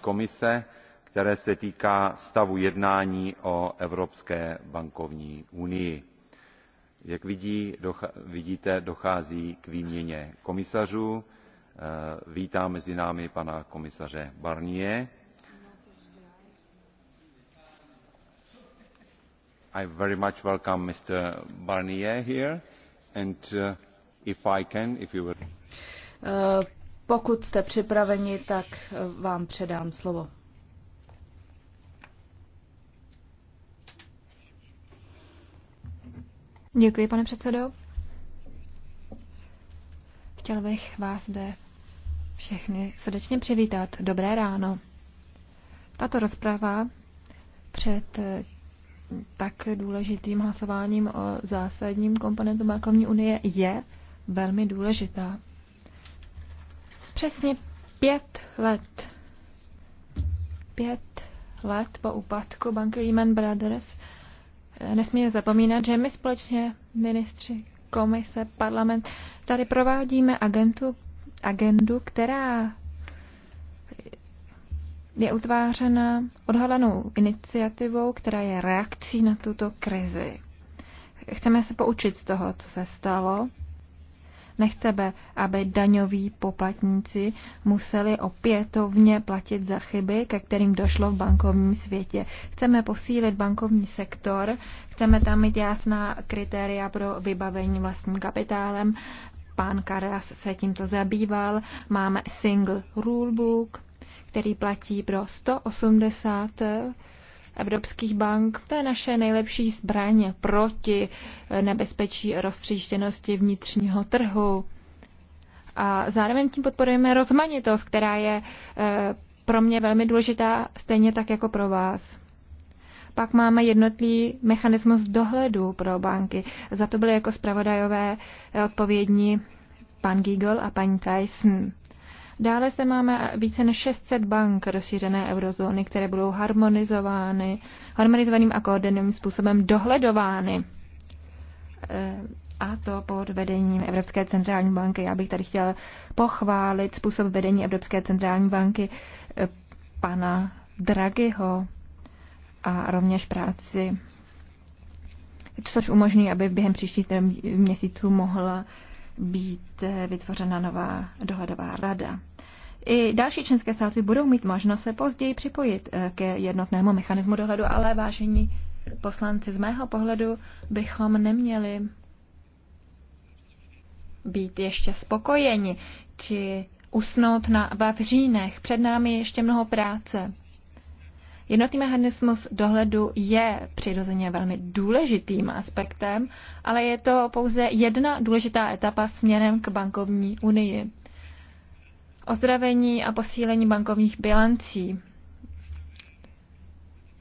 komise které se týká stavu jednání o evropské bankovní unii. jak vidíte dochází k výměně komisařů eh, vítám mezi námi pana komisaře barniera i very much welcome mr barnier here and eh, if i can if you would eh, pokud jste připraveni, tak eh, vám předám slovo. Děkuji, pane předsedo. Chtěl bych vás zde všechny srdečně přivítat. Dobré ráno. Tato rozprava před eh, tak důležitým hlasováním o zásadním komponentu bankovní unie je velmi důležitá. Přesně pět let. Pět let po úpadku banky Lehman Brothers nesmíme zapomínat, že my společně, ministři, komise, parlament, tady provádíme agentu, agendu, která je utvářena odhalenou iniciativou, která je reakcí na tuto krizi. Chceme se poučit z toho, co se stalo Nechceme, aby daňoví poplatníci museli opětovně platit za chyby, ke kterým došlo v bankovním světě. Chceme posílit bankovní sektor, chceme tam mít jasná kritéria pro vybavení vlastním kapitálem. Pán Karas se tímto zabýval. Máme single rulebook, který platí pro 180 evropských bank. To je naše nejlepší zbraň proti nebezpečí roztříštěnosti vnitřního trhu. A zároveň tím podporujeme rozmanitost, která je eh, pro mě velmi důležitá, stejně tak jako pro vás. Pak máme jednotlý mechanismus dohledu pro banky. Za to byly jako zpravodajové odpovědní pan Giegel a paní Tyson. Dále se máme více než 600 bank rozšířené eurozóny, které budou harmonizovány, harmonizovaným a koordinovaným způsobem dohledovány. E, a to pod vedením Evropské centrální banky. Já bych tady chtěla pochválit způsob vedení Evropské centrální banky e, pana Draghiho a rovněž práci což umožní, aby během příštích měsíců mohla být eh, vytvořena nová dohledová rada. I další členské státy budou mít možnost se později připojit eh, ke jednotnému mechanismu dohledu, ale vážení poslanci, z mého pohledu bychom neměli být ještě spokojeni či usnout na vavřínech. Před námi je ještě mnoho práce. Jednotný mechanismus dohledu je přirozeně velmi důležitým aspektem, ale je to pouze jedna důležitá etapa směrem k bankovní unii. Ozdravení a posílení bankovních bilancí.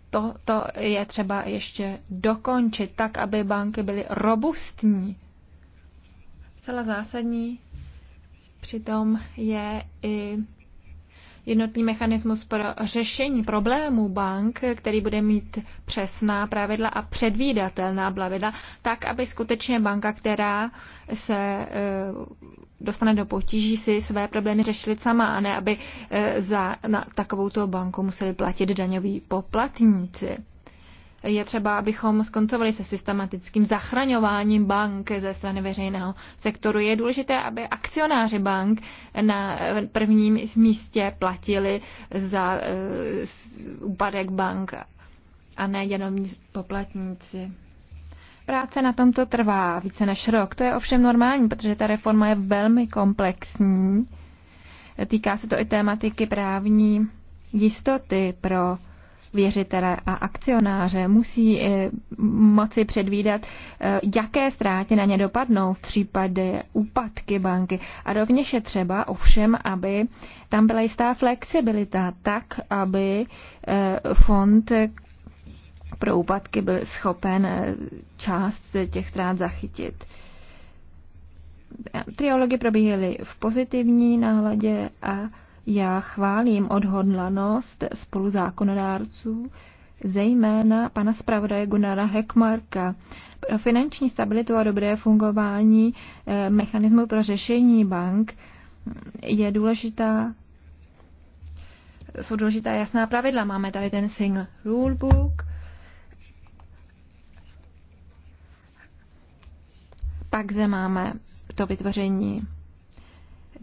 To, to je třeba ještě dokončit tak, aby banky byly robustní. Zcela zásadní přitom je i jednotný mechanismus pro řešení problémů bank, který bude mít přesná pravidla a předvídatelná pravidla, tak, aby skutečně banka, která se eh, dostane do potíží, si své problémy řešili sama a ne, aby eh, za na takovouto banku museli platit daňoví poplatníci je třeba, abychom skoncovali se systematickým zachraňováním bank ze strany veřejného sektoru. Je důležité, aby akcionáři bank na prvním místě platili za eh, úpadek bank a ne jenom poplatníci. Práce na tomto trvá více než rok. To je ovšem normální, protože ta reforma je velmi komplexní. Týká se to i tématiky právní jistoty pro věřitele a akcionáře. Musí eh, moci předvídat, eh, jaké ztráty na ně dopadnou v případě úpadky banky. A rovněž je třeba ovšem, aby tam byla jistá flexibilita, tak, aby eh, fond pro úpadky byl schopen část těch ztrát zachytit. Triology probíhaly v pozitivní náladě a já chválím odhodlanost spoluzákonodárců, zejména pana zpravodaje Gunnara Heckmarka. Pro finanční stabilitu a dobré fungování eh, mechanismu pro řešení bank je důležitá jsou důležitá jasná pravidla. Máme tady ten single rulebook, pak zde máme to vytvoření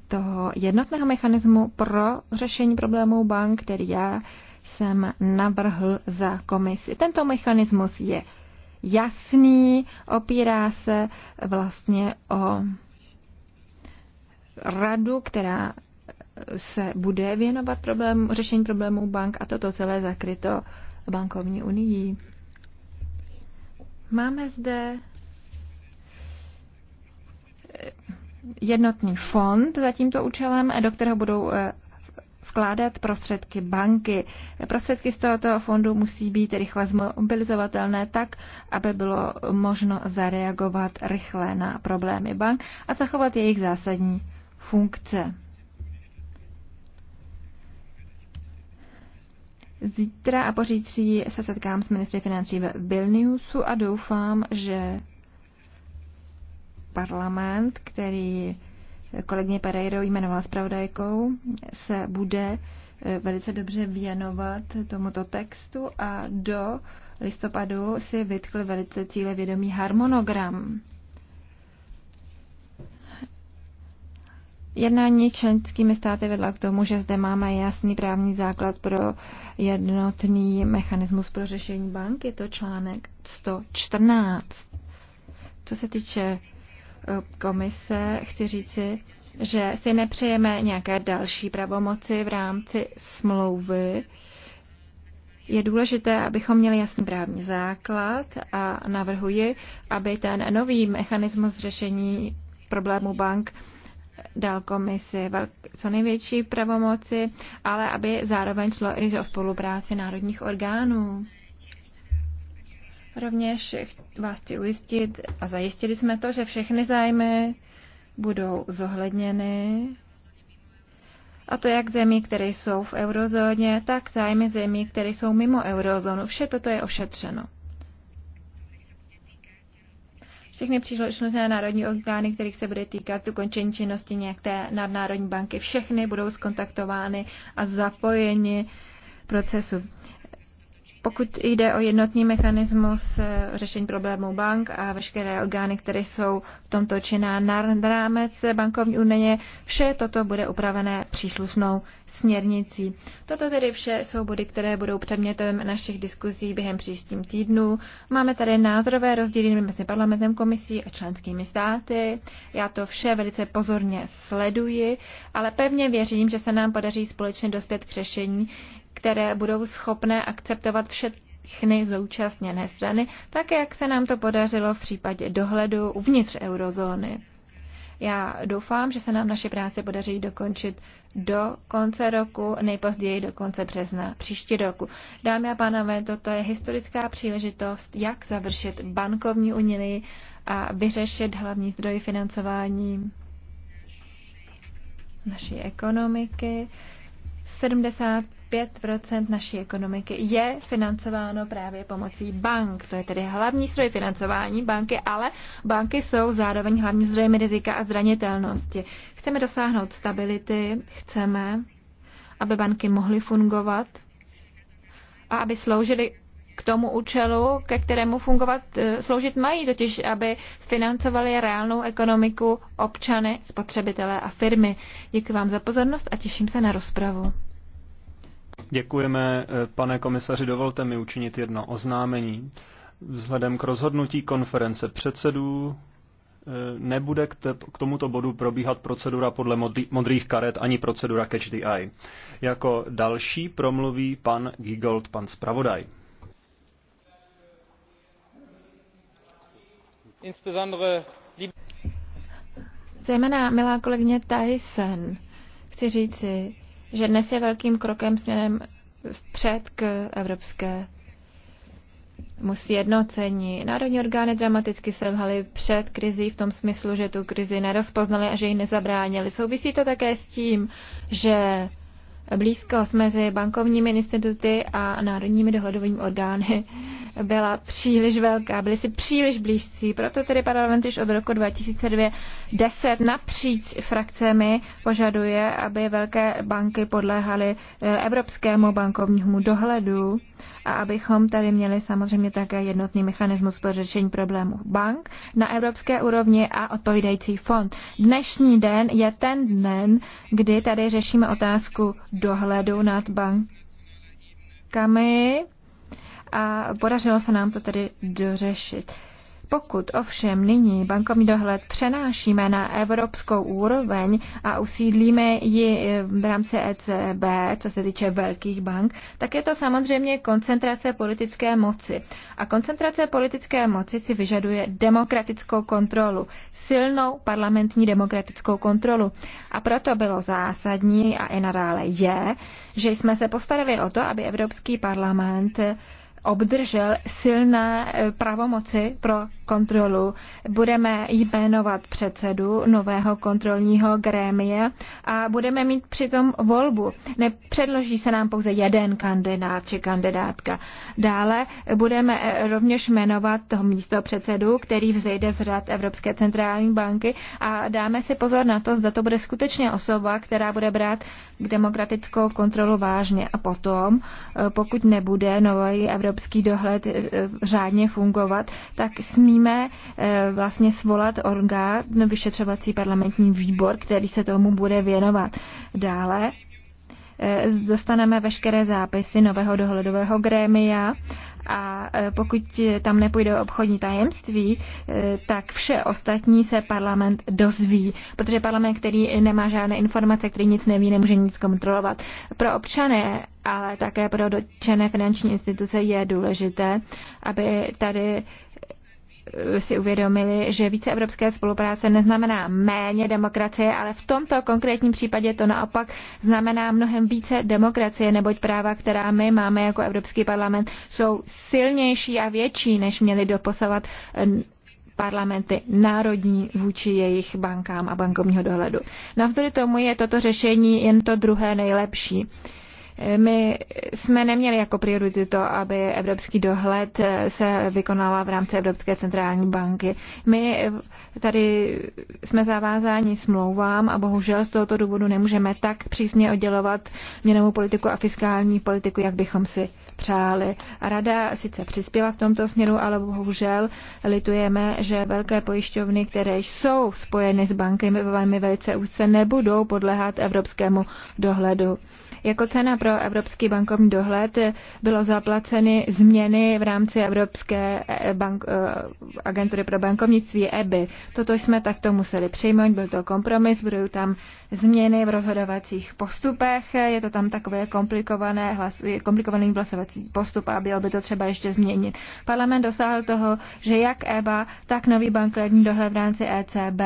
toho jednotného mechanismu pro řešení problémů bank, který já jsem navrhl za komisi. Tento mechanismus je jasný, opírá se vlastně o radu, která se bude věnovat problém, řešení problémů bank a toto celé zakryto bankovní unii. Máme zde jednotný fond za tímto účelem, do kterého budou eh, vkládat prostředky banky. Prostředky z tohoto fondu musí být rychle zmobilizovatelné tak, aby bylo možno zareagovat rychle na problémy bank a zachovat jejich zásadní funkce. Zítra a pořítří se setkám s ministry financí v Vilniusu a doufám, že parlament, který kolegyně Pereiro jmenovala zpravodajkou, se bude eh, velice dobře věnovat tomuto textu a do listopadu si vytkl velice cílevědomý harmonogram. Jednání členskými státy vedla k tomu, že zde máme jasný právní základ pro jednotný mechanismus pro řešení banky, to článek 114. Co se týče komise chci říci, že si nepřejeme nějaké další pravomoci v rámci smlouvy. Je důležité, abychom měli jasný právní základ a navrhuji, aby ten nový mechanismus řešení problému bank dal komisi co největší pravomoci, ale aby zároveň šlo i o spolupráci národních orgánů. Rovněž vás chci ujistit a zajistili jsme to, že všechny zájmy budou zohledněny. A to jak zemí, které jsou v eurozóně, tak zájmy zemí, které jsou mimo eurozónu. Vše toto je ošetřeno. Všechny příslušné národní orgány, kterých se bude týkat ukončení činnosti nějaké nadnárodní banky, všechny budou skontaktovány a zapojeni procesu. Pokud jde o jednotný mechanismus eh, řešení problémů bank a veškeré orgány, které jsou v tomto činná na rámec bankovní unie, vše toto bude upravené příslušnou směrnicí. Toto tedy vše jsou body, které budou předmětem našich diskuzí během příštím týdnu. Máme tady názorové rozdíly mezi parlamentem, komisí a členskými státy. Já to vše velice pozorně sleduji, ale pevně věřím, že se nám podaří společně dospět k řešení, které budou schopné akceptovat všechny zúčastněné strany, tak jak se nám to podařilo v případě dohledu uvnitř eurozóny. Já doufám, že se nám naše práce podaří dokončit do konce roku, nejpozději do konce března příští roku. Dámy a pánové, toto je historická příležitost, jak završit bankovní unii a vyřešit hlavní zdroj financování naší ekonomiky. 70 5 naší ekonomiky je financováno právě pomocí bank. To je tedy hlavní zdroj financování banky, ale banky jsou zároveň hlavní zdrojem rizika a zranitelnosti. Chceme dosáhnout stability, chceme, aby banky mohly fungovat a aby sloužily k tomu účelu, ke kterému fungovat, e, sloužit mají, totiž aby financovali reálnou ekonomiku, občany, spotřebitelé a firmy. Děkuji vám za pozornost a těším se na rozpravu. Děkujeme, eh, pane komisaři, dovolte mi učinit jedno oznámení. Vzhledem k rozhodnutí konference předsedů eh, nebude k, tomuto bodu probíhat procedura podle modrých karet ani procedura catch the eye. Jako další promluví pan Gigold, pan zpravodaj. Zejména milá kolegyně Tyson, chci říci, že dnes je velkým krokem směrem vpřed k evropské musí jednocení. Národní orgány dramaticky selhaly před krizí v tom smyslu, že tu krizi nerozpoznali a že ji nezabránili. Souvisí to také s tím, že blízkost mezi bankovními instituty a národními dohledovými orgány byla příliš velká, byli si příliš blízcí. Proto tedy parlament již od roku 2010 napříč frakcemi požaduje, aby velké banky podléhaly eh, evropskému bankovnímu dohledu a abychom tady měli samozřejmě také jednotný mechanismus pro řešení problémů bank na evropské úrovni a odpovídající fond. Dnešní den je ten den, kdy tady řešíme otázku dohledu nad bankami a podařilo se nám to tedy dořešit. Pokud ovšem nyní bankovní dohled přenášíme na evropskou úroveň a usídlíme ji eh, v rámci ECB, co se týče velkých bank, tak je to samozřejmě koncentrace politické moci. A koncentrace politické moci si vyžaduje demokratickou kontrolu, silnou parlamentní demokratickou kontrolu. A proto bylo zásadní a i nadále je, že jsme se postarali o to, aby Evropský parlament obdržel silné eh, pravomoci pro kontrolu. Budeme jmenovat předsedu nového kontrolního grémie a budeme mít přitom volbu. Nepředloží se nám pouze jeden kandidát či kandidátka. Dále budeme eh, rovněž jmenovat toho místo předsedu, který vzejde z řad Evropské centrální banky a dáme si pozor na to, zda to bude skutečně osoba, která bude brát demokratickou kontrolu vážně. A potom, eh, pokud nebude nový evropský dohled eh, řádně fungovat, tak smí musíme eh, vlastně svolat orgán, vyšetřovací parlamentní výbor, který se tomu bude věnovat. Dále eh, dostaneme veškeré zápisy nového dohledového grémia a eh, pokud tam nepůjde o obchodní tajemství, tak vše ostatní se parlament dozví, protože parlament, který nemá žádné informace, který nic neví, nemůže nic kontrolovat. Pro občany, ale také pro dotčené finanční instituce je důležité, aby tady si uvědomili, že více evropské spolupráce neznamená méně demokracie, ale v tomto konkrétním případě to naopak znamená mnohem více demokracie, neboť práva, která my máme jako Evropský parlament, jsou silnější a větší, než měly doposovat eh, parlamenty národní vůči jejich bankám a bankovního dohledu. Navzdory tomu je toto řešení jen to druhé nejlepší. My jsme neměli jako prioritu to, aby evropský dohled se vykonala v rámci Evropské centrální banky. My tady jsme zavázáni smlouvám a bohužel z tohoto důvodu nemůžeme tak přísně oddělovat měnovou politiku a fiskální politiku, jak bychom si přáli. A rada sice přispěla v tomto směru, ale bohužel litujeme, že velké pojišťovny, které jsou spojeny s bankami, velice úzce nebudou podléhat evropskému dohledu. Jako cena pro Evropský bankovní dohled bylo zaplaceny změny v rámci Evropské eh, bank, eh, agentury pro bankovnictví EBY. Toto jsme takto museli přijmout, byl to kompromis, budou tam změny v rozhodovacích postupech, je to tam takové komplikované hlas, komplikovaný hlasovací postup a bylo by to třeba ještě změnit. Parlament dosáhl toho, že jak EBA, tak nový bankovní dohled v rámci ECB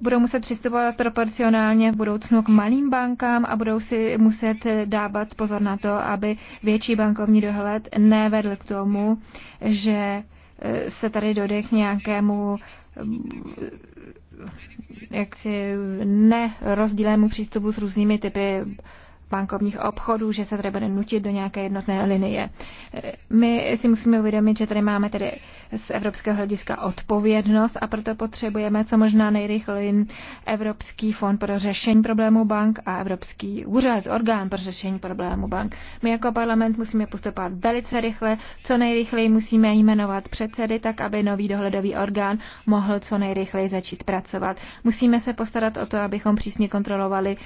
budou muset přistupovat proporcionálně v budoucnu k malým bankám a budou si muset dávat pozor na to, aby větší bankovní dohled nevedl k tomu, že eh, se tady dojde k nějakému eh, jaksi nerozdílému přístupu s různými typy bankovních obchodů, že se tady bude nutit do nějaké jednotné linie. My si musíme uvědomit, že tady máme tedy z evropského hlediska odpovědnost a proto potřebujeme co možná nejrychleji Evropský fond pro řešení problémů bank a Evropský úřad, orgán pro řešení problémů bank. My jako parlament musíme postupovat velice rychle, co nejrychleji musíme jmenovat předsedy, tak aby nový dohledový orgán mohl co nejrychleji začít pracovat. Musíme se postarat o to, abychom přísně kontrolovali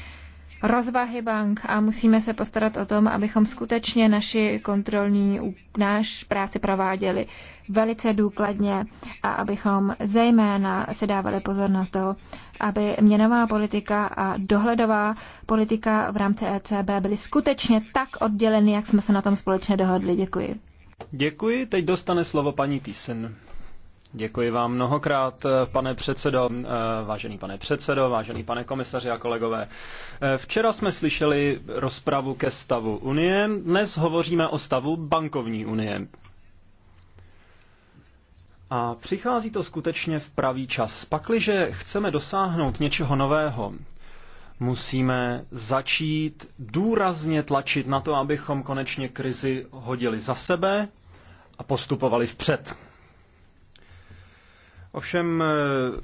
rozvahy bank a musíme se postarat o tom, abychom skutečně naši kontrolní náš práci prováděli velice důkladně a abychom zejména se dávali pozor na to, aby měnová politika a dohledová politika v rámci ECB byly skutečně tak odděleny, jak jsme se na tom společně dohodli. Děkuji. Děkuji. Teď dostane slovo paní Thyssen. Děkuji vám mnohokrát, eh, pane předsedo, eh, vážený pane předsedo, vážený pane komisaři a kolegové. Eh, včera jsme slyšeli rozpravu ke stavu Unie, dnes hovoříme o stavu bankovní unie. A přichází to skutečně v pravý čas. Pakliže chceme dosáhnout něčeho nového, musíme začít důrazně tlačit na to, abychom konečně krizi hodili za sebe a postupovali vpřed. Ovšem, eh,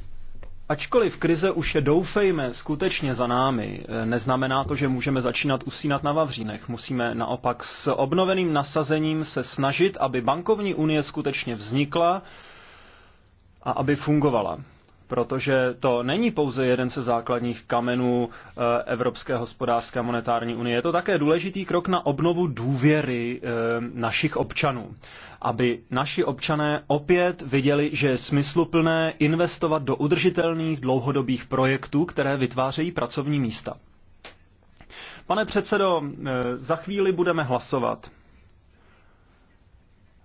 ačkoliv krize už je doufejme skutečně za námi, eh, neznamená to, že můžeme začínat usínat na vavřínech. Musíme naopak s obnoveným nasazením se snažit, aby bankovní unie skutečně vznikla a aby fungovala protože to není pouze jeden ze základních kamenů eh, Evropské hospodářské a monetární unie. Je to také důležitý krok na obnovu důvěry eh, našich občanů, aby naši občané opět viděli, že je smysluplné investovat do udržitelných dlouhodobých projektů, které vytvářejí pracovní místa. Pane předsedo, eh, za chvíli budeme hlasovat.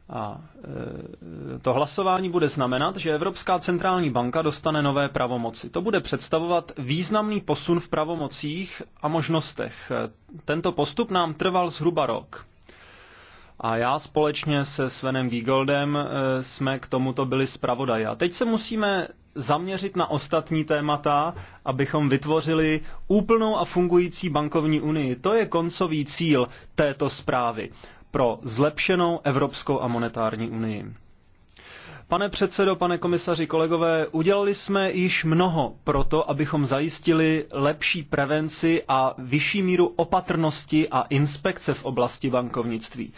A e, to hlasování bude znamenat, že Evropská centrální banka dostane nové pravomoci. To bude představovat významný posun v pravomocích a možnostech. E, tento postup nám trval zhruba rok. A já společně se Svenem Giegoldem e, jsme k tomuto byli zpravodaji. A teď se musíme zaměřit na ostatní témata, abychom vytvořili úplnou a fungující bankovní unii. To je koncový cíl této zprávy pro zlepšenou Evropskou a monetární unii. Pane předsedo, pane komisaři, kolegové, udělali jsme již mnoho pro to, abychom zajistili lepší prevenci a vyšší míru opatrnosti a inspekce v oblasti bankovnictví.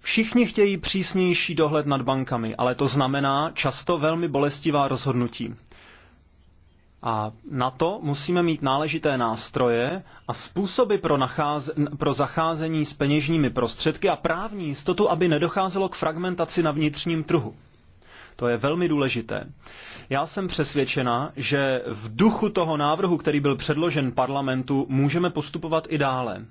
Všichni chtějí přísnější dohled nad bankami, ale to znamená často velmi bolestivá rozhodnutí. A na to musíme mít náležité nástroje a způsoby pro, nacház- pro zacházení s peněžními prostředky a právní jistotu, aby nedocházelo k fragmentaci na vnitřním trhu. To je velmi důležité. Já jsem přesvědčena, že v duchu toho návrhu, který byl předložen parlamentu, můžeme postupovat i dále.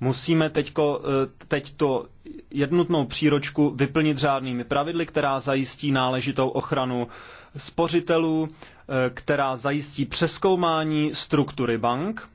Musíme teďko, eh, teď to jednotnou příročku vyplnit řádnými pravidly, která zajistí náležitou ochranu spořitelů, eh, která zajistí přeskoumání struktury bank,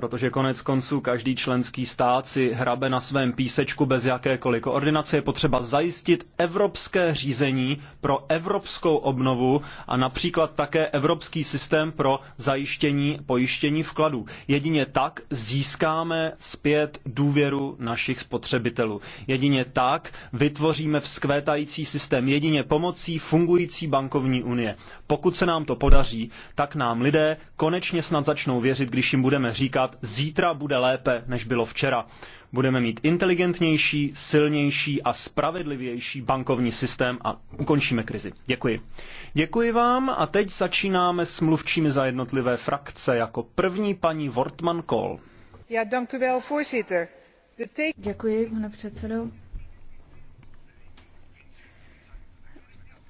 protože konec konců každý členský stát si hrabe na svém písečku bez jakékoliv koordinace. Je potřeba zajistit evropské řízení pro evropskou obnovu a například také evropský systém pro zajištění pojištění vkladů. Jedině tak získáme zpět důvěru našich spotřebitelů. Jedině tak vytvoříme vzkvétající systém. Jedině pomocí fungující bankovní unie. Pokud se nám to podaří, tak nám lidé konečně snad začnou věřit, když jim budeme říkat, říkat, zítra bude lépe, než bylo včera. Budeme mít inteligentnější, silnější a spravedlivější bankovní systém a ukončíme krizi. Děkuji. Děkuji vám a teď začínáme s mluvčími za jednotlivé frakce. Jako první paní Wortman Kohl. Ja, wel, voorzitter. Děkuji, pane předsedo.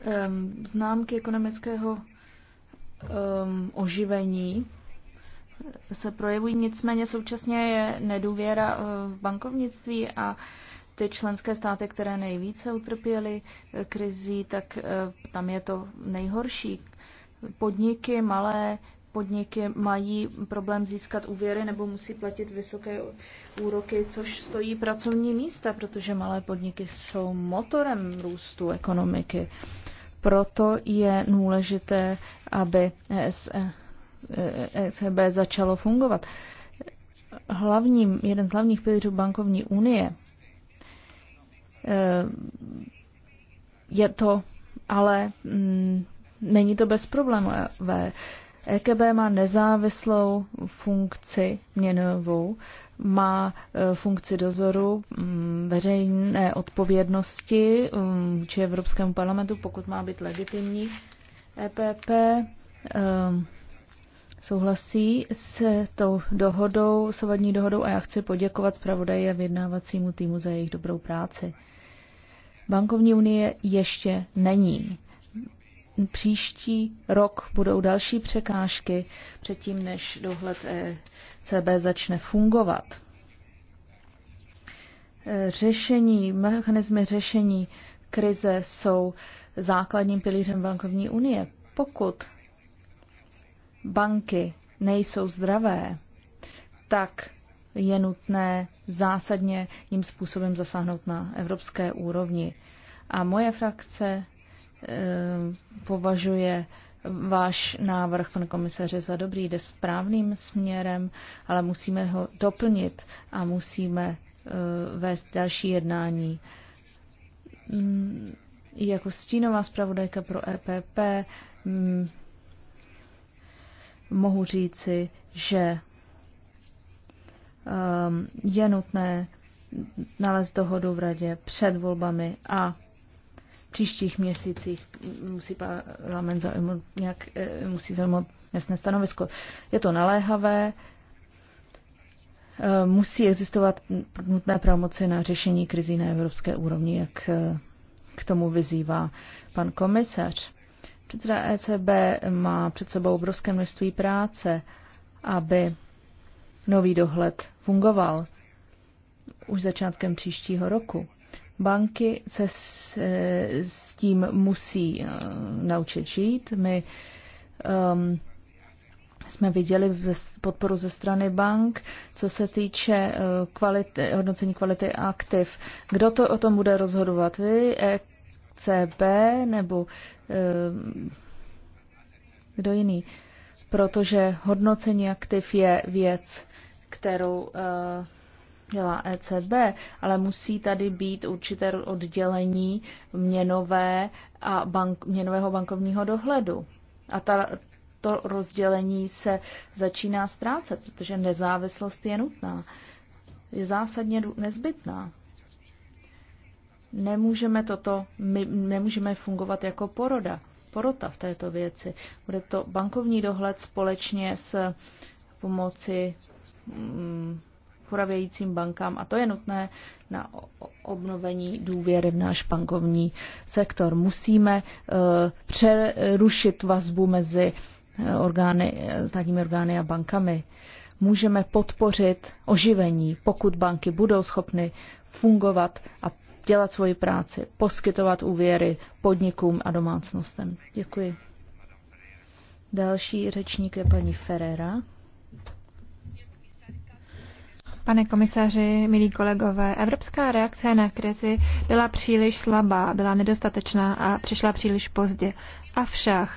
Um, známky ekonomického um, oživení se projevují. Nicméně současně je nedůvěra eh, v bankovnictví a ty členské státy, které nejvíce utrpěly eh, krizí, tak eh, tam je to nejhorší. Podniky, malé podniky mají problém získat úvěry nebo musí platit vysoké úroky, což stojí pracovní místa, protože malé podniky jsou motorem růstu ekonomiky. Proto je důležité, aby ECB e, e začalo fungovat. Hlavním, jeden z hlavních pilířů bankovní unie e, je to, ale mm, není to bez bezproblémové. EKB má nezávislou funkci měnovou, má funkci dozoru mm, veřejné odpovědnosti mm, či Evropskému parlamentu, pokud má být legitimní. EPP souhlasí s tou dohodou, s dohodou a já chci poděkovat zpravodaji a vyjednávacímu týmu za jejich dobrou práci. Bankovní unie ještě není. Příští rok budou další překážky předtím, než dohled eh, CB začne fungovat. Eh, řešení, mechanizmy řešení krize jsou základním pilířem bankovní unie. Pokud banky nejsou zdravé, tak je nutné zásadně tím způsobem zasáhnout na evropské úrovni. A moje frakce eh, považuje váš návrh, pan komisaře, za dobrý, jde správným směrem, ale musíme ho doplnit a musíme eh, vést další jednání. Mm, jako stínová zpravodajka pro EPP mohu říci, že ehm, je nutné nalézt dohodu v radě před volbami a v příštích měsících musí parlament zaujmout nějak, e, musí zaujmout jasné stanovisko. Je to naléhavé, e, musí existovat nutné pravomoci na řešení krizí na evropské úrovni, jak e, k tomu vyzývá pan komisař. Předseda ECB má před sebou obrovské množství práce, aby nový dohled fungoval už začátkem příštího roku. Banky se s, e, s tím musí uh, naučit žít. My um, jsme viděli podporu ze strany bank, co se týče e, kvality, hodnocení kvality aktiv. Kdo to o tom bude rozhodovat? Vy, ECB nebo eh, kdo jiný, protože hodnocení aktiv je věc, kterou eh, dělá ECB, ale musí tady být určité oddělení měnové a bank, měnového bankovního dohledu. A ta, to rozdělení se začíná ztrácet, protože nezávislost je nutná, je zásadně nezbytná. Nemůžeme, toto, my nemůžeme fungovat jako poroda, porota v této věci. Bude to bankovní dohled společně s pomoci mm, poravějícím bankám a to je nutné na obnovení důvěry v náš bankovní sektor. Musíme uh, přerušit vazbu mezi eh, orgány, eh, státními orgány a bankami. Můžeme podpořit oživení, pokud banky budou schopny fungovat a dělat svoji práci, poskytovat úvěry podnikům a domácnostem. Děkuji. Další řečník je paní Ferrera. Pane komisaři, milí kolegové, evropská reakce na krizi byla příliš slabá, byla nedostatečná a přišla příliš pozdě. Avšak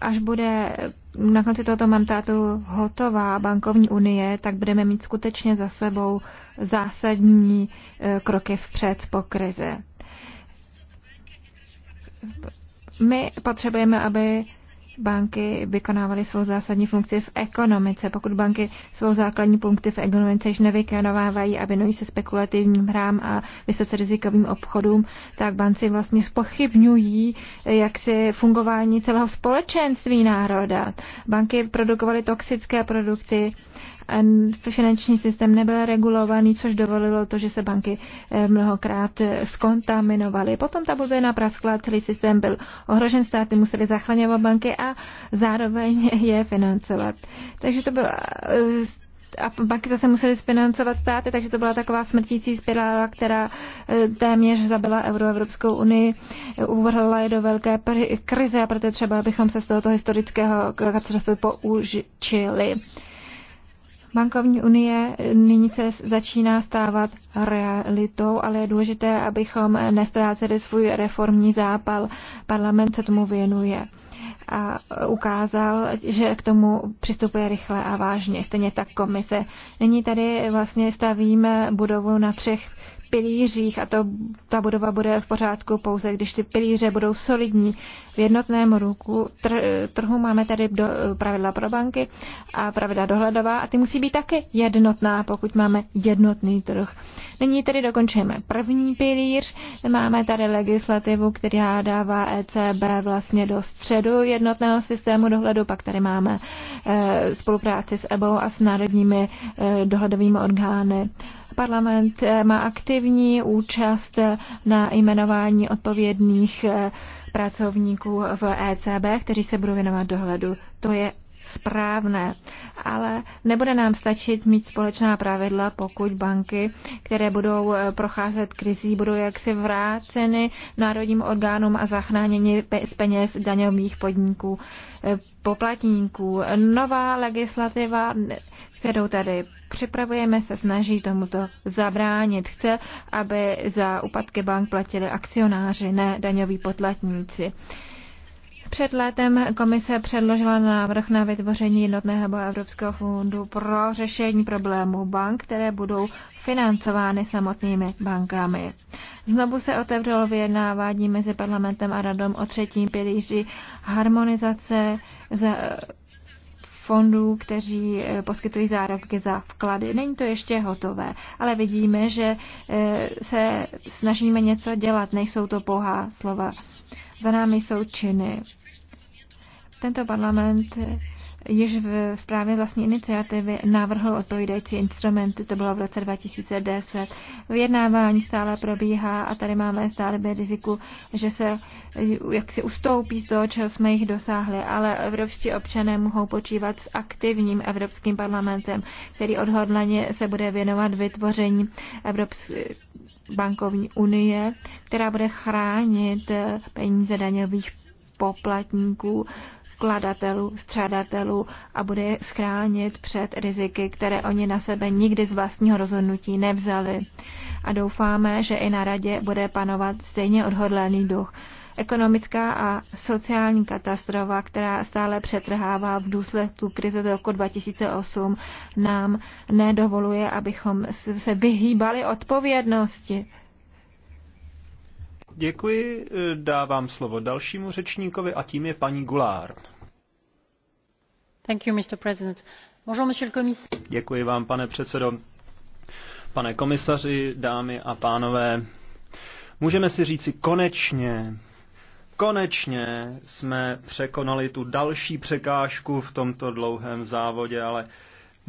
až bude na konci tohoto mandátu hotová bankovní unie, tak budeme mít skutečně za sebou zásadní eh, kroky vpřed po krize. My potřebujeme, aby banky vykonávaly svou zásadní funkci v ekonomice. Pokud banky svou základní funkci v ekonomice již nevykonávají a věnují se spekulativním hrám a vysoce rizikovým obchodům, tak banci vlastně spochybňují eh, jaksi fungování celého společenství národa. Banky produkovaly toxické produkty, finanční systém nebyl regulovaný, což dovolilo to, že se banky eh, mnohokrát skontaminovaly. Eh, Potom ta bublina praskla, celý systém byl ohrožen, státy museli zachraňovat banky a zároveň je financovat. Takže to bylo, eh, a banky zase musely financovat státy, takže to byla taková smrtící spirála, která téměř zabila Euroevropskou unii, uvrhla je do velké krize a proto třeba, abychom se z tohoto historického katastrofy poučili. Bankovní unie nyní se začíná stávat realitou, ale je důležité, abychom nestráceli svůj reformní zápal. Parlament se tomu věnuje a ukázal, že k tomu přistupuje rychle a vážně. Stejně tak komise. Nyní tady vlastně stavíme budovu na třech pilířích a to, ta budova bude v pořádku pouze, když ty pilíře budou solidní v jednotném ruku. Tr, trhu máme tady do, pravidla pro banky a pravidla dohledová a ty musí být také jednotná, pokud máme jednotný trh. Nyní tedy dokončujeme první pilíř. Máme tady legislativu, která dává ECB vlastně do středu jednotného systému dohledu, pak tady máme e, spolupráci s EBO a s národními e, dohledovými orgány. Parlament eh, má aktivní účast na jmenování odpovědných eh, pracovníků v ECB, kteří se budou věnovat dohledu. To je správné. Ale nebude nám stačit mít společná pravidla, pokud banky, které budou eh, procházet krizí, budou jaksi vráceny národním orgánům a zachráněni z peněz daňových podniků, eh, poplatníků. Nová legislativa, kterou tady připravujeme, se snaží tomuto zabránit. Chce, aby za úpadky bank platili akcionáři, ne daňoví poplatníci. Před létem komise předložila návrh na vytvoření jednotného Evropského fondu pro řešení problémů bank, které budou financovány samotnými bankami. Znovu se otevřelo vyjednávání mezi parlamentem a radom o třetím pilíři harmonizace za eh, fondů, kteří eh, poskytují záruky za vklady. Není to ještě hotové, ale vidíme, že eh, se snažíme něco dělat, nejsou to pouhá slova. Za námi jsou činy. Tento parlament již v zprávě vlastní iniciativy navrhl odpovídající instrumenty, to bylo v roce 2010. Vyjednávání stále probíhá a tady máme stále by riziku, že se jaksi ustoupí z toho, čeho jsme jich dosáhli, ale evropští občané mohou počívat s aktivním Evropským parlamentem, který odhodlaně se bude věnovat vytvoření Evropské bankovní unie, která bude chránit peníze daňových poplatníků vkladatelů, střádatelů a bude je schránit před riziky, které oni na sebe nikdy z vlastního rozhodnutí nevzali. A doufáme, že i na radě bude panovat stejně odhodlaný duch. Ekonomická a sociální katastrofa, která stále přetrhává v důsledku krize z roku 2008, nám nedovoluje, abychom se vyhýbali odpovědnosti. Děkuji, eh, dávám slovo dalšímu řečníkovi a tím je paní Gulár. Děkuji vám, pane předsedající Pane komisaři, dámy a pánové, můžeme si říci konečně, konečně jsme překonali tu další překážku v tomto dlouhém závodě, ale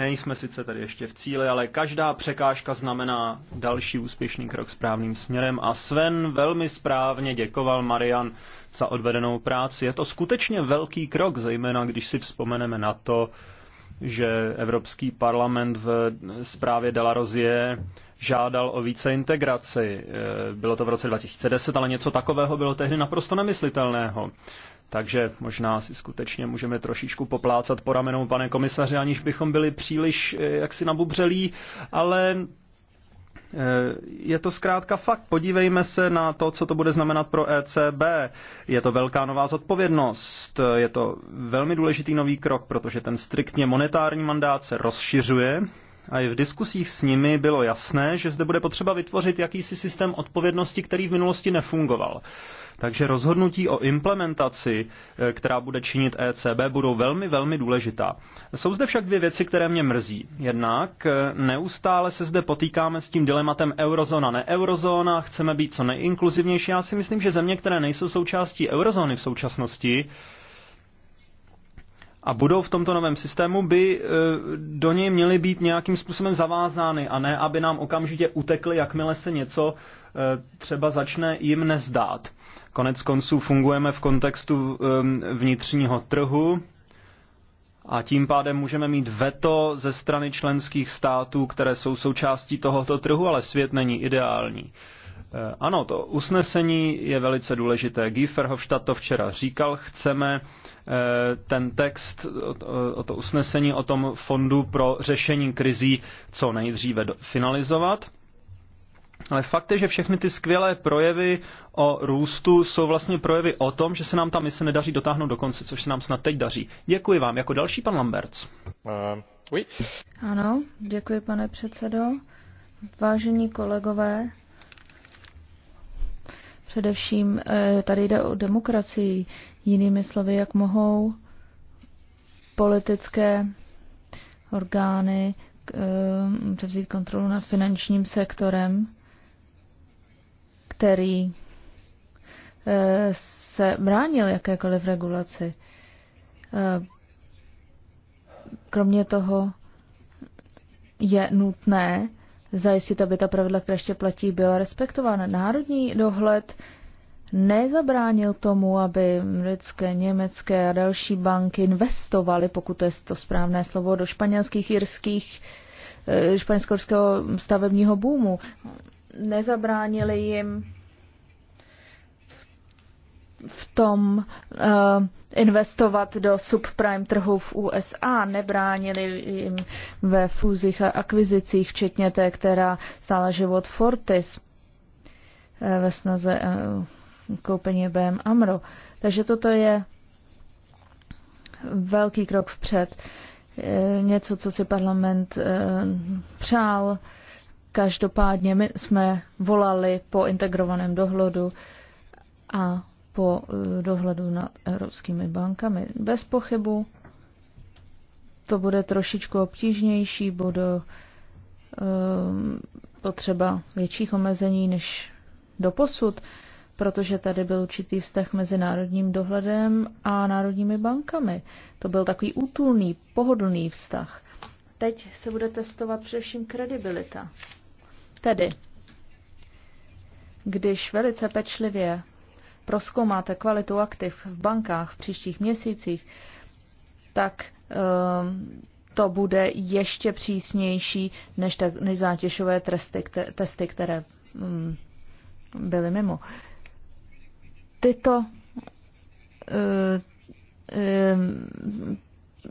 Nejsme sice tady ještě v cíli, ale každá překážka znamená další úspěšný krok správným směrem a Sven velmi správně děkoval Marian za odvedenou práci. Je to skutečně velký krok, zejména když si vzpomeneme na to, že Evropský parlament v zprávě Delarozie žádal o více integraci. Eh, bylo to v roce 2010, ale něco takového bylo tehdy naprosto nemyslitelného. Takže možná si skutečně můžeme trošičku poplácat po ramenou, pane komisaři, aniž bychom byli příliš eh, jaksi nabubřelí, ale eh, je to zkrátka fakt. Podívejme se na to, co to bude znamenat pro ECB. Je to velká nová zodpovědnost, je to velmi důležitý nový krok, protože ten striktně monetární mandát se rozšiřuje a i v diskusích s nimi bylo jasné, že zde bude potřeba vytvořit jakýsi systém odpovědnosti, který v minulosti nefungoval. Takže rozhodnutí o implementaci, eh, která bude činit ECB, budou velmi, velmi důležitá. Jsou zde však dvě věci, které mě mrzí. Jednak eh, neustále se zde potýkáme s tím dilematem eurozóna, ne eurozóna, chceme být co nejinkluzivnější. Já si myslím, že země, které nejsou součástí eurozóny v současnosti, a budou v tomto novém systému, by e, do něj měly být nějakým způsobem zavázány a ne, aby nám okamžitě utekly, jakmile se něco e, třeba začne jim nezdát. Konec konců fungujeme v kontextu vnitřního trhu a tím pádem můžeme mít veto ze strany členských států, které jsou součástí tohoto trhu, ale svět není ideální. E, ano, to usnesení je velice důležité. Guy Verhofstadt to včera říkal, chceme Eh, ten text, o to usnesení o tom fondu pro řešení krizí co nejdříve finalizovat. Ale fakt je, že všechny ty skvělé projevy o růstu jsou vlastně projevy o tom, že se nám ta mise nedaří dotáhnout do konce, což se nám snad teď daří. Děkuji vám. Jako další pan Lamberts. Uh, oui. Ano, děkuji pane předsedo. Vážení kolegové, Především eh, tady jde o demokracii, jinými slovy, jak mohou politické orgány eh, převzít kontrolu nad finančním sektorem, který eh, se bránil jakékoliv regulaci. Kromě toho je nutné zajistit, aby ta pravidla, která ještě platí, byla respektována. Národní dohled nezabránil tomu, aby řecké, německé a další banky investovaly, pokud to je to správné slovo, do španělských, jirských, eh, španělského stavebního boomu. Nezabránili jim v tom eh, investovat do subprime trhu v USA, nebránili jim ve fúzích a akvizicích, včetně té, která stála život Fortis eh, ve snaze eh, koupení BM Amro. Takže toto je velký krok vpřed. Něco, co si parlament přál. Každopádně my jsme volali po integrovaném dohledu a po eh, dohledu nad evropskými bankami. Bez pochybu to bude trošičku obtížnější, bude eh, potřeba větších omezení než do posud, protože tady byl určitý vztah mezi národním dohledem a národními bankami. To byl takový útulný, pohodlný vztah. Teď se bude testovat především kredibilita. Tedy, když velice pečlivě proskoumáte kvalitu aktiv v bankách v příštích měsících, tak ehm, to bude ještě přísnější než, tak, zátěžové tresty, testy, které mm, byly mimo. Tyto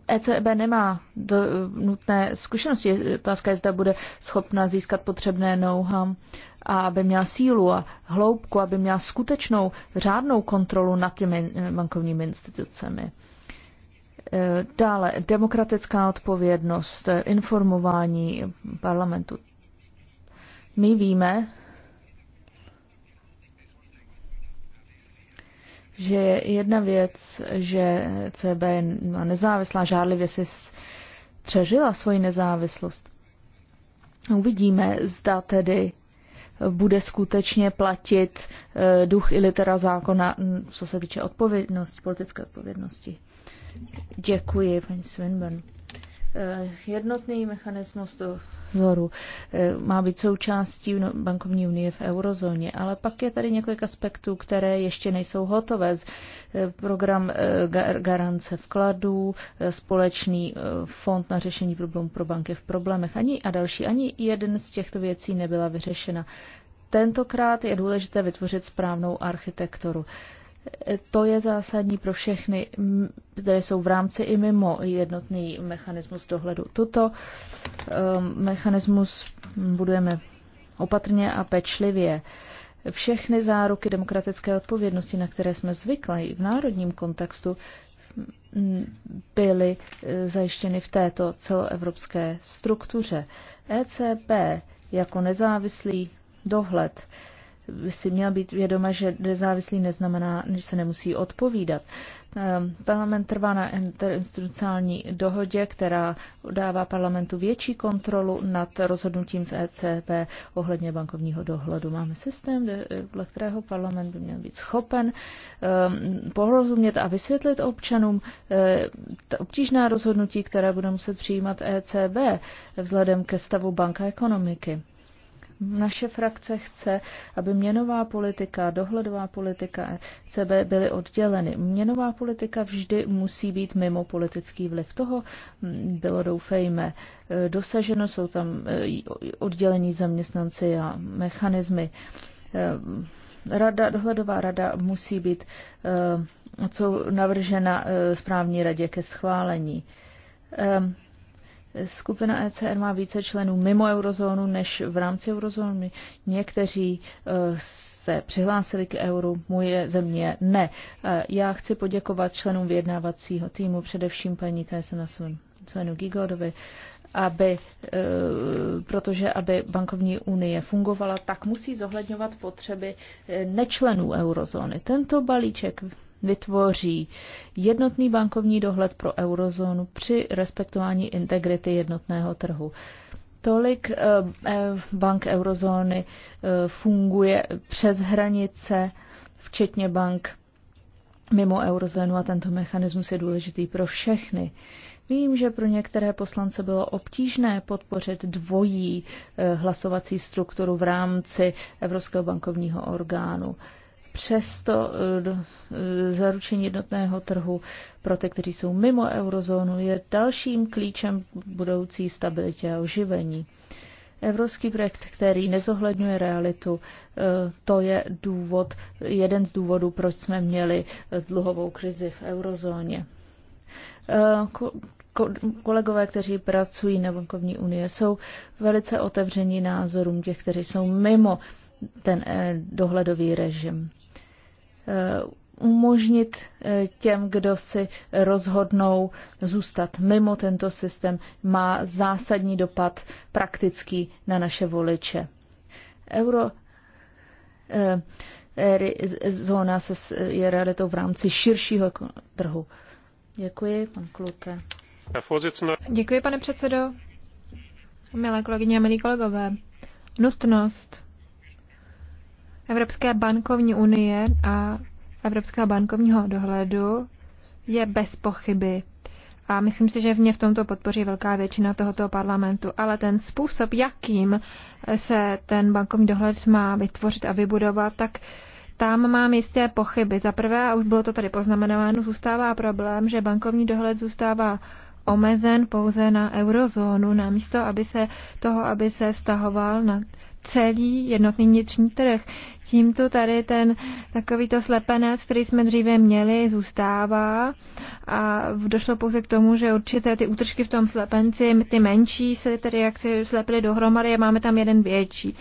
ECB eh, eh, e nemá do, nutné zkušenosti. Otázka je, zda bude schopna získat potřebné know-how a aby měla sílu a hloubku, aby měla skutečnou řádnou kontrolu nad těmi eh, bankovními institucemi. Eh, dále demokratická odpovědnost, eh, informování parlamentu. My víme, že je jedna věc, že CB je nezávislá, žádlivě si střežila svoji nezávislost. Uvidíme, zda tedy bude skutečně platit eh, duch i litera zákona, co se týče odpovědnosti, politické odpovědnosti. Děkuji, paní Swinburne. Eh, jednotný mechanismus dozoru eh, má být součástí no, bankovní unie v eurozóně, ale pak je tady několik aspektů, které ještě nejsou hotové. Eh, program garance vkladů, společný fond na řešení problémů pro banky v problémech ani a další. Ani jeden z těchto věcí nebyla vyřešena. Tentokrát je důležité vytvořit správnou architekturu. To je zásadní pro všechny, které jsou v rámci i mimo jednotný mechanismus dohledu. Tuto um, mechanismus budujeme opatrně a pečlivě. Všechny záruky demokratické odpovědnosti, na které jsme zvykli v národním kontextu, byly e, zajištěny v této celoevropské struktuře. ECB jako nezávislý dohled si měla být vědoma, že nezávislý neznamená, že se nemusí odpovídat. Ehm, parlament trvá na interinstitucionální dohodě, která dává parlamentu větší kontrolu nad rozhodnutím z ECB ohledně bankovního dohledu. Máme systém, dle kterého parlament by měl být schopen ehm, porozumět a vysvětlit občanům eh, obtížná rozhodnutí, které bude muset přijímat ECB vzhledem ke stavu banka ekonomiky. Naše frakce chce, aby měnová politika, dohledová politika ECB byly odděleny. Měnová politika vždy musí být mimo politický vliv. Toho mm, bylo, doufejme, e, dosaženo. Jsou tam e, oddělení zaměstnanci a mechanismy. E, rada, dohledová rada musí být co navržena správní radě ke schválení. Skupina ECR má více členů mimo eurozónu než v rámci eurozóny. Někteří eh, se přihlásili k euru, moje země ne. Eh, já chci poděkovat členům vyjednávacího týmu, především paní Tysona Svenu Gigodovi, aby, eh, protože aby bankovní unie fungovala, tak musí zohledňovat potřeby nečlenů eurozóny. Tento balíček vytvoří jednotný bankovní dohled pro eurozónu při respektování integrity jednotného trhu. Tolik eh, eh, bank eurozóny eh, funguje přes hranice, včetně bank mimo eurozónu a tento mechanismus je důležitý pro všechny. Vím, že pro některé poslance bylo obtížné podpořit dvojí hlasovací strukturu v rámci Evropského bankovního orgánu. Přesto eh, do, eh, zaručení jednotného trhu pro ty, kteří jsou mimo eurozónu, je dalším klíčem budoucí stabilitě a oživení. Evropský projekt, který nezohledňuje realitu, eh, to je důvod, jeden z důvodů, proč jsme měli dluhovou krizi v eurozóně. Kolegové, kteří pracují na bankovní unie, jsou velice otevření názorům těch, kteří jsou mimo ten eh, dohledový režim. Eh, umožnit eh, těm, kdo si rozhodnou zůstat mimo tento systém, má zásadní dopad praktický na naše voliče. Euro zóna je realitou v rámci širšího trhu. Děkuji, pan Klute. Děkuji, pane předsedo. Milé kolegyně a milí kolegové, nutnost Evropské bankovní unie a Evropského bankovního dohledu je bez pochyby. A myslím si, že v mě v tomto podpoří velká většina tohoto parlamentu. Ale ten způsob, jakým se ten bankovní dohled má vytvořit a vybudovat, tak tam mám jisté pochyby. Za prvé, a už bylo to tady poznamenáno, zůstává problém, že bankovní dohled zůstává omezen pouze na eurozónu, namísto aby se toho, aby se vztahoval na celý jednotný vnitřní trh. Tímto tady ten takovýto slepenec, který jsme dříve měli, zůstává a došlo pouze k tomu, že určité ty útržky v tom slepenci, ty menší se tedy jak se slepily dohromady a máme tam jeden větší.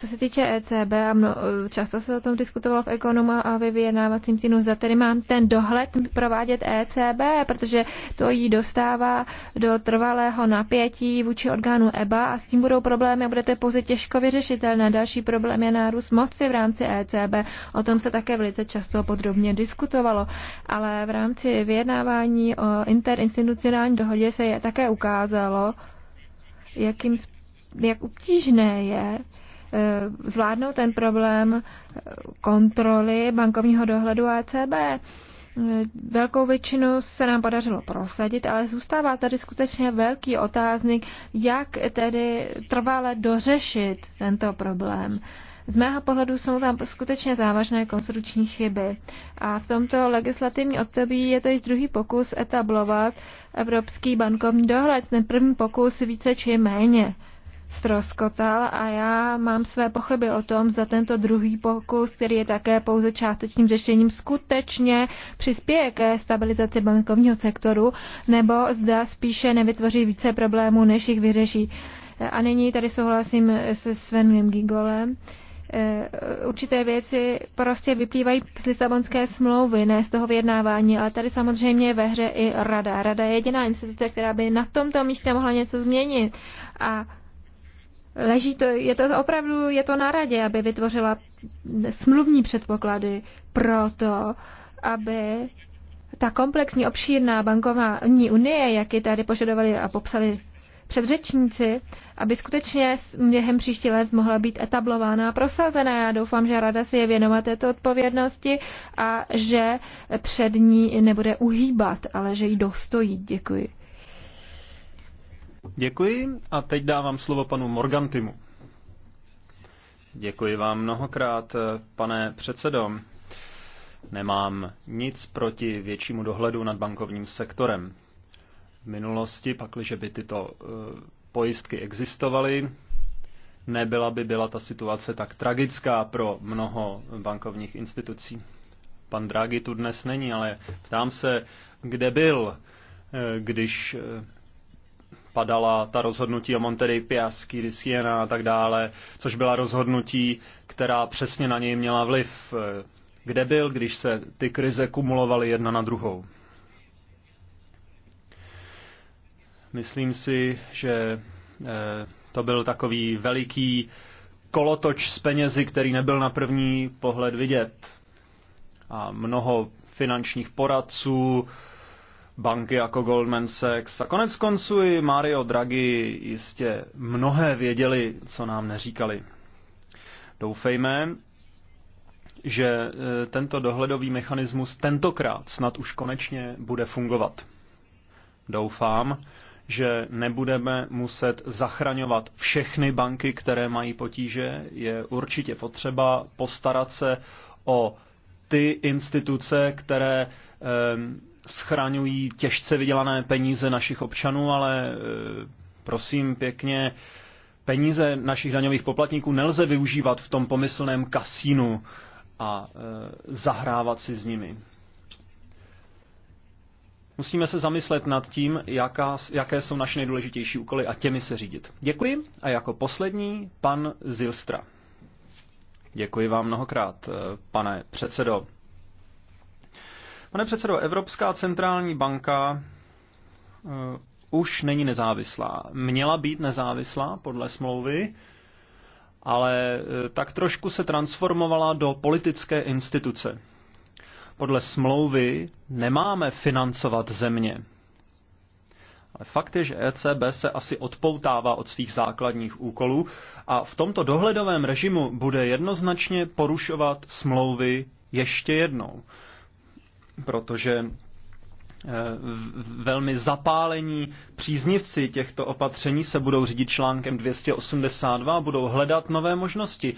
Co se týče ECB, a mno, často se o tom diskutovalo v ekonomu a ve vyjednávacím týmu, zda tedy mám ten dohled provádět ECB, protože to jí dostává do trvalého napětí vůči orgánu EBA a s tím budou problémy a bude to pouze těžko vyřešitelné. Další problém je nárůst moci v rámci ECB. O tom se také velice často podrobně diskutovalo. Ale v rámci vyjednávání o interinstitucionální dohodě se je také ukázalo, jakým, jak obtížné je Eh, zvládnout ten problém kontroly bankovního dohledu a ECB. Eh, velkou většinu se nám podařilo prosadit, ale zůstává tady skutečně velký otáznik, jak tedy trvale dořešit tento problém. Z mého pohledu jsou tam skutečně závažné konstruční chyby. A v tomto legislativní období je to již druhý pokus etablovat evropský bankovní dohled. Ten první pokus více či méně stroskotal a já mám své pochyby o tom, zda tento druhý pokus, který je také pouze částečným řešením, skutečně přispěje ke stabilizaci bankovního sektoru, nebo zda spíše nevytvoří více problémů, než jich vyřeší. A nyní tady souhlasím se Svenem Gigolem eh, určité věci prostě vyplývají z Lisabonské smlouvy, ne z toho vyjednávání, ale tady samozřejmě je ve hře i rada. Rada je jediná instituce, která by na tomto místě mohla něco změnit. A Leží to, je to opravdu, je to na radě, aby vytvořila smluvní předpoklady pro to, aby ta komplexní obšírná bankovní unie, jak ji tady požadovali a popsali předřečníci, aby skutečně během příští let mohla být etablována a prosazená. Já doufám, že Rada si je věnovat této odpovědnosti a že před ní nebude uhýbat, ale že jí dostojí. Děkuji. Děkuji a teď dávám slovo panu Morgantimu. Děkuji vám mnohokrát, pane předsedo. Nemám nic proti většímu dohledu nad bankovním sektorem. V minulosti, pakliže by tyto eh, pojistky existovaly, nebyla by byla ta situace tak tragická pro mnoho bankovních institucí. Pan Draghi tu dnes není, ale ptám se, kde byl, eh, když eh, padala ta rozhodnutí o Monterey Piasky, Siena a tak dále, což byla rozhodnutí, která přesně na něj měla vliv. Kde byl, když se ty krize kumulovaly jedna na druhou? Myslím si, že eh, to byl takový veliký kolotoč s penězi, který nebyl na první pohled vidět. A mnoho finančních poradců, banky jako Goldman Sachs. A konec konců i Mario Draghi jistě mnohé věděli, co nám neříkali. Doufejme, že e, tento dohledový mechanismus tentokrát snad už konečně bude fungovat. Doufám, že nebudeme muset zachraňovat všechny banky, které mají potíže. Je určitě potřeba postarat se o ty instituce, které eh, schraňují těžce vydělané peníze našich občanů, ale e, prosím pěkně, peníze našich daňových poplatníků nelze využívat v tom pomyslném kasínu a e, zahrávat si s nimi. Musíme se zamyslet nad tím, jaká, jaké jsou naše nejdůležitější úkoly a těmi se řídit. Děkuji a jako poslední pan Zilstra. Děkuji vám mnohokrát, e, pane předsedo. Pane předsedo, Evropská centrální banka uh, už není nezávislá. Měla být nezávislá podle smlouvy, ale uh, tak trošku se transformovala do politické instituce. Podle smlouvy nemáme financovat země. Ale fakt je, že ECB se asi odpoutává od svých základních úkolů a v tomto dohledovém režimu bude jednoznačně porušovat smlouvy ještě jednou protože eh, velmi zapálení příznivci těchto opatření se budou řídit článkem 282 a budou hledat nové možnosti.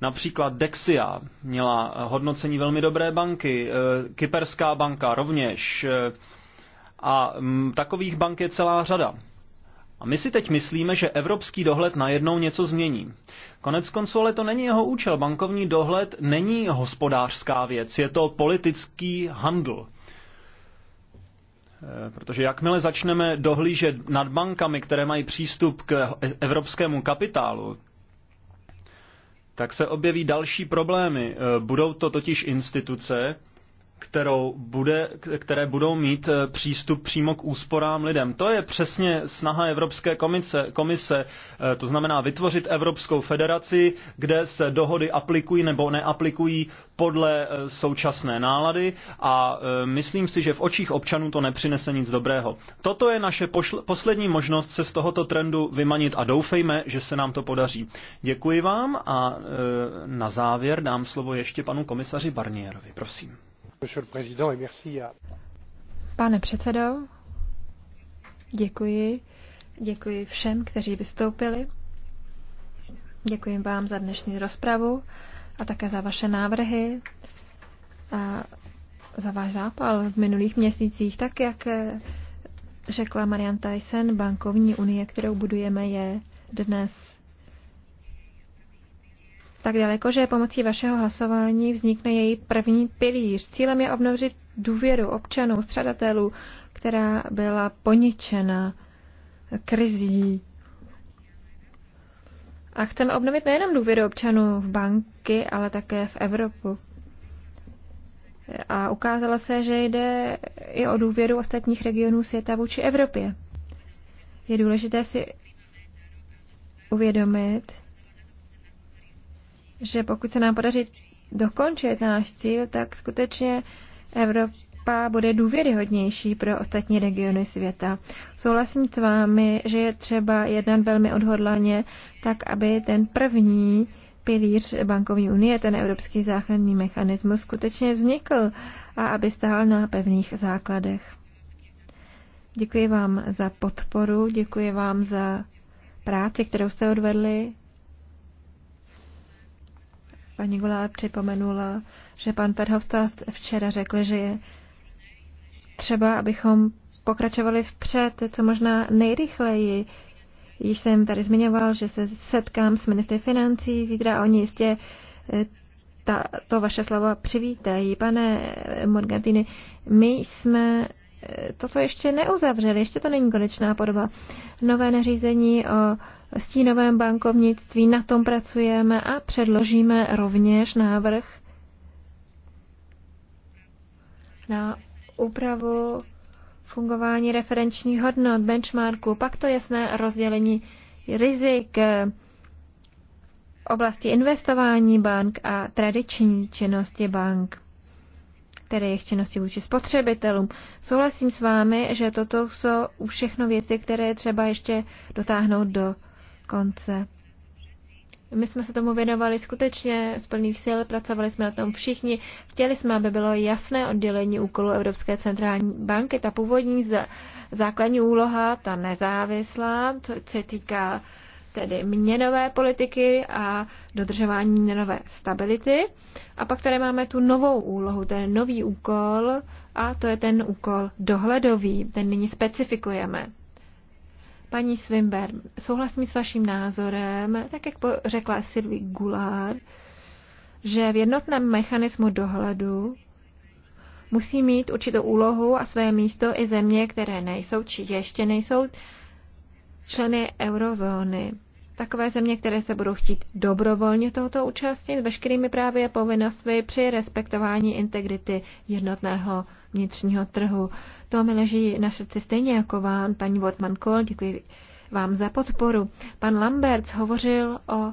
Například Dexia měla hodnocení velmi dobré banky, eh, Kyperská banka rovněž eh, a mm, takových bank je celá řada. A my si teď myslíme, že evropský dohled najednou něco změní. Konec konců ale to není jeho účel. Bankovní dohled není hospodářská věc, je to politický handl. Eh, protože jakmile začneme dohlížet nad bankami, které mají přístup k evropskému kapitálu, tak se objeví další problémy. Eh, budou to totiž instituce, kterou bude, které budou mít eh, přístup přímo k úsporám lidem. To je přesně snaha Evropské komise, komise, eh, to znamená vytvořit Evropskou federaci, kde se dohody aplikují nebo neaplikují podle eh, současné nálady a myslím si, že v očích občanů to nepřinese nic dobrého. Toto je naše pošl- poslední možnost se z tohoto trendu vymanit a doufejme, že se nám to podaří. Děkuji vám a na závěr dám slovo ještě panu komisaři Barnierovi. Prosím. Pane předsedo, děkuji. Děkuji všem, kteří vystoupili. Děkuji vám za dnešní rozpravu a také za vaše návrhy a za váš zápal v minulých měsících. Tak, jak řekla Marian Tyson, bankovní unie, kterou budujeme, je dnes tak daleko, že pomocí vašeho hlasování vznikne její první pilíř. Cílem je obnovit důvěru občanů, střadatelů, která byla poničena krizí. A chceme obnovit nejenom důvěru občanů v banky, ale také v Evropu. A ukázalo se, že jde i o důvěru ostatních regionů světa vůči Evropě. Je důležité si uvědomit, že pokud se nám podaří dokončit náš cíl, tak skutečně Evropa bude důvěryhodnější pro ostatní regiony světa. Souhlasím s vámi, že je třeba jednat velmi odhodlaně, tak aby ten první pilíř bankovní unie, ten evropský záchranný mechanismus, skutečně vznikl a aby stál na pevných základech. Děkuji vám za podporu, děkuji vám za práci, kterou jste odvedli Paní Gulá připomenula, že pan Perhovstav včera řekl, že je třeba, abychom pokračovali vpřed, co možná nejrychleji. Již jsem tady zmiňoval, že se setkám s ministry financí zítra a oni jistě eh, ta, to vaše slova přivítají. Pane Morgantini, my jsme toto ještě neuzavřeli, ještě to není konečná podoba. Nové nařízení o stínovém bankovnictví, na tom pracujeme a předložíme rovněž návrh na úpravu fungování referenčních hodnot, benchmarku, pak to jasné rozdělení rizik oblasti investování bank a tradiční činnosti bank je jejich činnosti vůči spotřebitelům. Souhlasím s vámi, že toto jsou všechno věci, které je třeba ještě dotáhnout do konce. My jsme se tomu věnovali skutečně z plných sil, pracovali jsme na tom všichni. Chtěli jsme, aby bylo jasné oddělení úkolu Evropské centrální banky. Ta původní základní úloha, ta nezávislá, co se týká uh, tedy měnové politiky a dodržování měnové stability. A pak tady máme tu novou úlohu, ten nový úkol a to je ten úkol dohledový, ten nyní specifikujeme. Paní Swinburne, souhlasím s vaším názorem, tak jak řekla Sylvie Goulart, že v jednotném mechanismu dohledu musí mít určitou úlohu a své místo i země, které nejsou či ještě nejsou členy eurozóny takové země, které se budou chtít dobrovolně tohoto účastnit, veškerými právy povinnostmi při respektování integrity jednotného vnitřního trhu. To mi leží na srdci stejně jako vám, paní Wortman Kohl, děkuji vám za podporu. Pan Lamberts hovořil o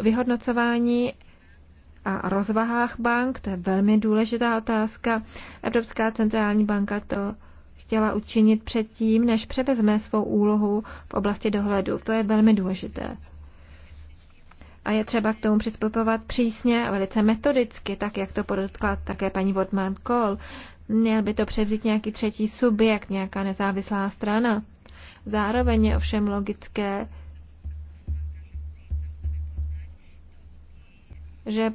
vyhodnocování a rozvahách bank, to je velmi důležitá otázka. Evropská centrální banka to chtěla učinit předtím, než převezme svou úlohu v oblasti dohledu. To je velmi důležité. A je třeba k tomu přistupovat přísně a velice metodicky, tak jak to podotkla také paní Wodman Kohl. Měl by to převzít nějaký třetí subjekt, nějaká nezávislá strana. Zároveň je ovšem logické, že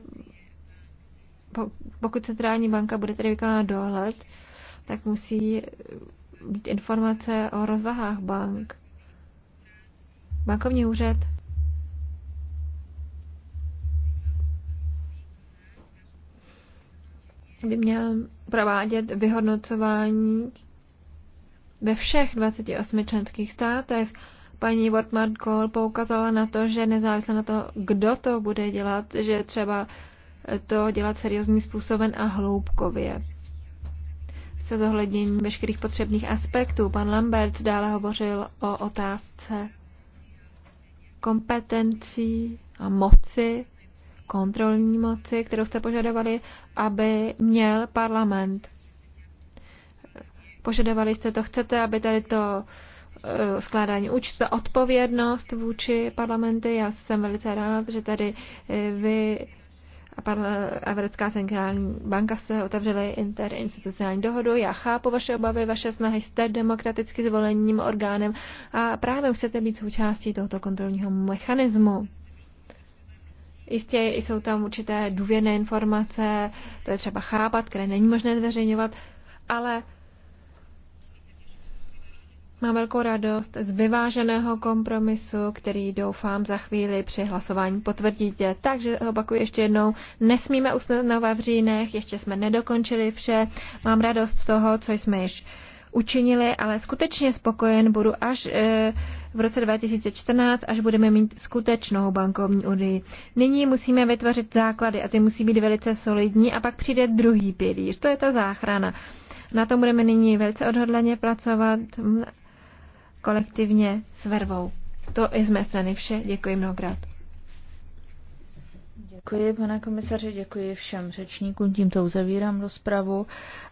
pokud centrální banka bude tedy vykonávat dohled, tak musí být informace o rozvahách bank. Bankovní úřad by měl provádět vyhodnocování ve všech 28 členských státech. Paní Wortmann Kohl poukazala na to, že nezávisle na to, kdo to bude dělat, že třeba to dělat seriózním způsobem a hloubkově se zohledněním veškerých potřebných aspektů. Pan Lambert dále hovořil o otázce kompetencí a moci, kontrolní moci, kterou jste požadovali, aby měl parlament. Požadovali jste to, chcete, aby tady to eh, skládání účtu, odpovědnost vůči parlamenty. Já jsem velice rád, že tady eh, vy Evropská eh, centrální banka se otevřely interinstitucionální dohodu. Já chápu vaše obavy, vaše snahy, jste demokraticky zvoleným orgánem a právě chcete být součástí tohoto kontrolního mechanismu. Jistě jsou tam určité důvěrné informace, to je třeba chápat, které není možné zveřejňovat, ale Mám velkou radost z vyváženého kompromisu, který doufám za chvíli při hlasování potvrdíte. Takže opakuji ještě jednou, nesmíme usnout na Vavřínech, ještě jsme nedokončili vše. Mám radost z toho, co jsme již učinili, ale skutečně spokojen budu až e, v roce 2014, až budeme mít skutečnou bankovní unii. Nyní musíme vytvořit základy a ty musí být velice solidní a pak přijde druhý pilíř, to je ta záchrana. Na tom budeme nyní velice odhodlaně pracovat kolektivně s vervou. To je z mé strany vše. Děkuji mnohokrát. Děkuji, pane komisaři, děkuji všem řečníkům. Tímto uzavírám rozpravu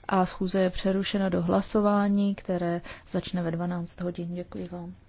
a schůze je přerušena do hlasování, které začne ve 12 hodin. Děkuji vám.